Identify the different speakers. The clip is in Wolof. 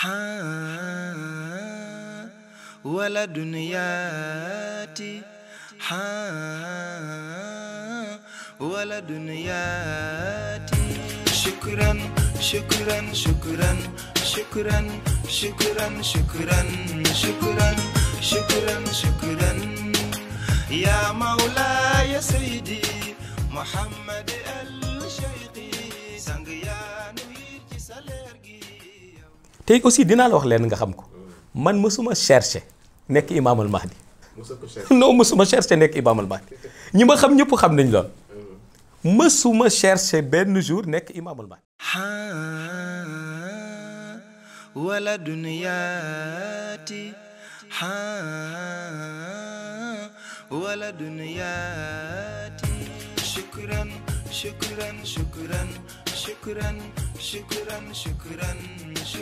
Speaker 1: haa wala duniyaati haa wala duniyaati shukran shukran shukran shukran shukran shukran shukran shukran shukran ya mawlaaya sayyidi muhammad
Speaker 2: te aussi dinaa la wax leen nga xam ko man mësuma cherché nekk imaamal mahdi non mësuma cherché nekk imaamal mahdi ñi ma xam ñëpp xam nañ lool mësuma cherché benn jour nekk imaamal mahdi
Speaker 1: wala duniyaati wala duniyaati shukran shukran shukran shukran